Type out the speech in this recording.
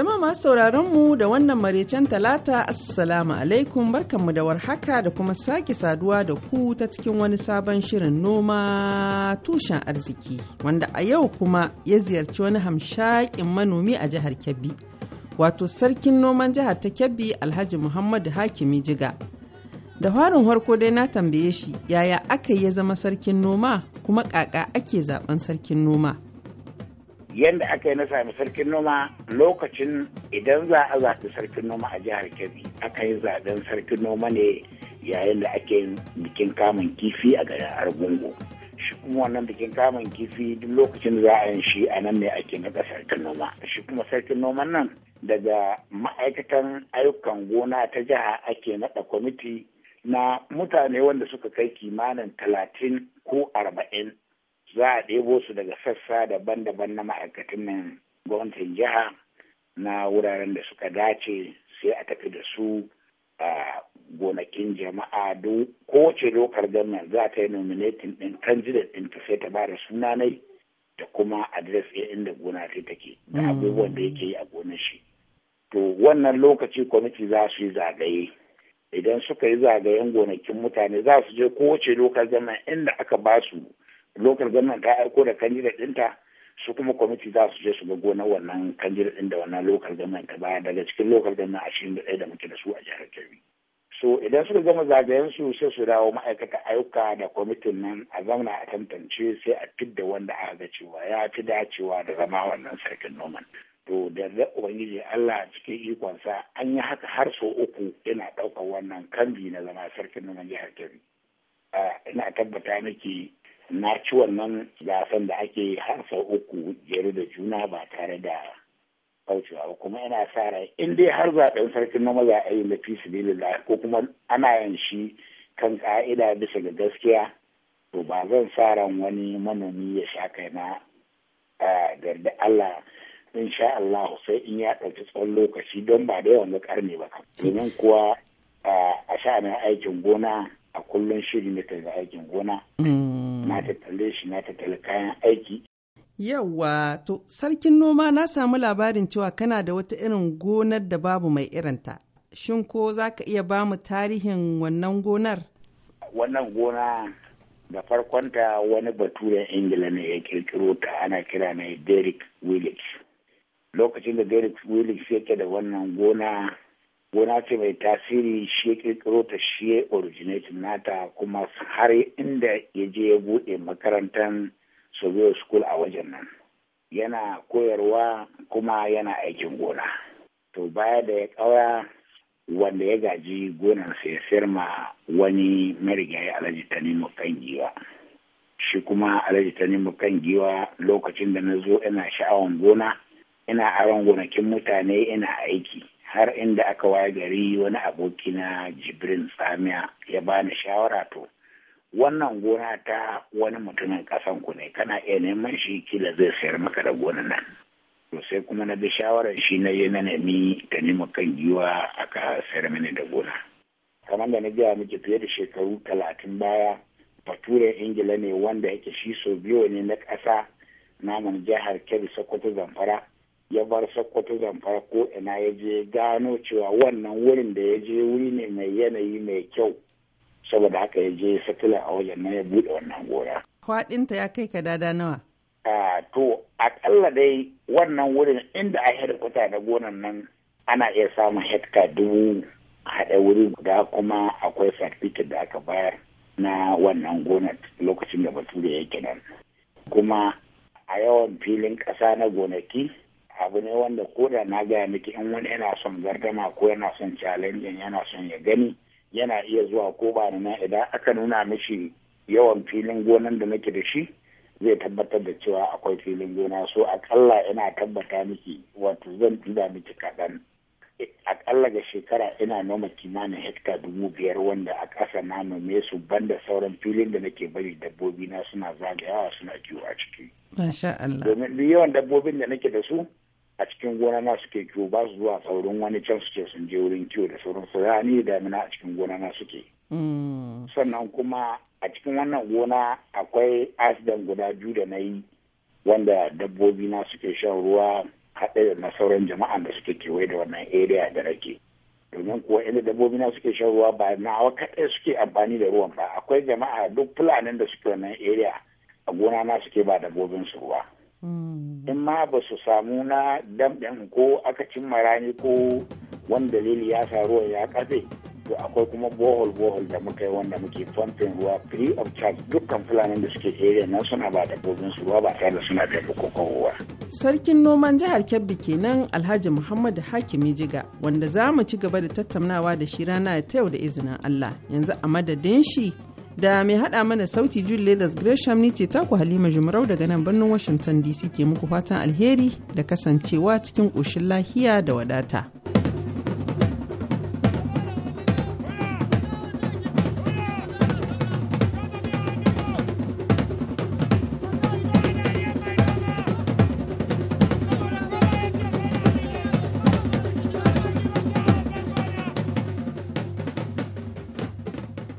Jama'a masu sauraron mu da wannan maraicen talata assalamu alaikum barkanmu da warhaka da kuma sake saduwa da ku ta cikin wani sabon shirin noma tushen arziki wanda a yau kuma ya ziyarci wani hamshakin manomi a jihar Kebbi wato sarkin noman jihar ta Kebbi Alhaji Muhammadu Hakimi Jiga. Da farin harko dai na tambaye shi yaya aka ya zama sarkin noma kuma kaka ake zaben sarkin noma. yadda aka yi na sami sarkin noma lokacin idan za a zaɓi sarkin noma a jihar kebbi aka yi zaɓen sarkin noma ne yayin da ake yi bikin kamun kifi a garin argungu shi kuma wannan bikin kamun kifi duk lokacin za a yi shi a nan ne ake naɗa sarkin noma shi kuma sarkin noman nan daga ma'aikatan ayyukan gona ta jiha ake naɗa kwamiti na mutane wanda suka kai kimanin talatin za a ɗebo su daga sassa daban-daban na ma'aikatan nan gwamnatin jiha na wuraren da suka dace sai a tafi da su a gonakin jama'a don kowace lokar gwamnan za ta yi nominating ɗin candidate ɗin ta sai ta ba da sunanai da kuma adres ɗin inda gona ta take da mm. abubuwan da yake yi a gonar shi to wannan lokaci kwamiti za su yi zagaye idan suka yi zagayen gonakin mutane za su je kowace lokar zaman inda aka ba su lokal gwamnan ta aiko da kanjira ɗinta su kuma kwamiti za su je su ga gonar wannan candidate din da wannan lokal gwamnan ta baya daga cikin lokal gwamnan ashirin da ɗaya da muke da su a jihar Kebbi. So idan suka gama zagayen su sai su dawo ma'aikata ayyuka da kwamitin nan a zauna a tantance sai a fidda wanda aka ga cewa ya fi dacewa da zama wannan sarkin noman. to da ubangiji Allah cikin ikonsa an yi haka har sau uku yana ɗaukar wannan kambi na zama sarkin noman jihar Kebbi. Ina tabbata miki na ci wannan gasar da ake har sau uku jere da juna ba tare da kaucewa kuma yana sa rai in dai har zaɓen sarkin na maza a yi da fi ko kuma ana yin shi kan ka'ida bisa ga gaskiya to ba zan sa ran wani manomi ya sha kai a garda Allah in sha Allah sai in ya ɗauki tsawon lokaci don ba da yawan ga ƙarni ba domin kuwa a sha'anin aikin gona a kullum shiri na tafi aikin gona mm. na tattale shi na tattale kayan aiki yawa to sarkin noma na samu labarin cewa kana da wata irin gonar da babu mai irinta shin ko za ka iya ba mu tarihin wannan gonar wannan gona da farkonta wani baturen ingila ne ya kirkiro ta ana kira na derrick willis lokacin da derrick willis yake da wannan gona gona ce mai tasiri shi ya kirkiro ta shi ya originate nata kuma har inda ya je ya buɗe makarantar Sobeo School a wajen nan. Yana koyarwa kuma yana aikin gona. To baya da ya ƙaura wanda ya gaji gonar sai sayar ma wani marigayi alhaji nemo kan giwa. Shi kuma alhaji nemo kan giwa lokacin da na zo ina sha'awan gona, ina aron gonakin mutane ina aiki. har inda aka waya gari wani abokina jibrin samiya ya bani shawara to wannan gona ta wani mutumin ƙasan ku ne kana iya neman shi kila zai sayar maka da gona nan to sai kuma na bi shawarar shi na yi na nemi ta nima kan giwa aka sayar mini da gona kamar da na gaya miki fiye da shekaru talatin baya bature ingila ne wanda yake shi so biyu ne na ƙasa namun jihar kebbi sokoto zamfara ya bar sokoto zamfara ko ina ya je gano cewa wannan wurin da ya je wuri ne mai yanayi mai kyau saboda haka ya je satila a wajen na ya buɗe wannan gora. Kwaɗinta ya kai ka dada nawa? A to akalla dai wannan wurin inda a hedkwata da gonan nan ana iya samun hekta dubu haɗa wuri guda kuma akwai certificate da aka bayar na wannan gonar lokacin da batu bature yake nan. Kuma a yawan filin ƙasa na gonaki abu ne wanda ko da na gaya miki in wani yana son gardama ko yana son challenging yana son ya gani yana iya zuwa ko ba na idan aka nuna mishi yawan filin gonan da nake da shi zai tabbatar da cewa akwai filin gona so akalla ina tabbata miki wato zan tura miki kaɗan akalla ga shekara ina noma kimanin hekta dubu biyar wanda a ƙasa na nome su banda sauran filin da nake bari dabbobi na suna zagayawa suna kiwo a ciki. Masha Allah. Domin yawan dabbobin da nake da su a cikin gona na suke kiwo ba su zuwa saurin wani can su ce sun je wurin kiwo da sauran su rani da damina a cikin gona na suke hmm. sannan kuma a cikin wannan gona akwai asidan guda biyu da na yi wanda dabbobi na suke shan ruwa haɗe da sauran jama'a da suke kewaye da wannan area da rake domin kuwa inda dabbobi na suke shan ruwa ba nawa kaɗai suke amfani da ruwan ba akwai jama'a duk fulanin da suke wannan area a gona na suke ba dabbobin su ruwa Mm. in ma ba su samu na damɗin ko aka cimma rani ko wani dalili ya sa ruwa ya kafe to akwai kuma bohol bohol da muka yi wanda muke pumping ruwa free of charge dukkan fulani da suke area nan suna ba dabbobin su ruwa ba tare da suna ko kowa. sarkin noman jihar kebbi kenan alhaji muhammadu hakimi jiga wanda za mu ci gaba da tattaunawa da shi rana ta yau da izinin allah yanzu a madadin shi da mai hada mana sauti Jude Leathers Gresham ni ce taku Halima Jumrau daga nan birnin Washington DC ke muku fatan alheri da kasancewa cikin ƙoshin lahiya da wadata.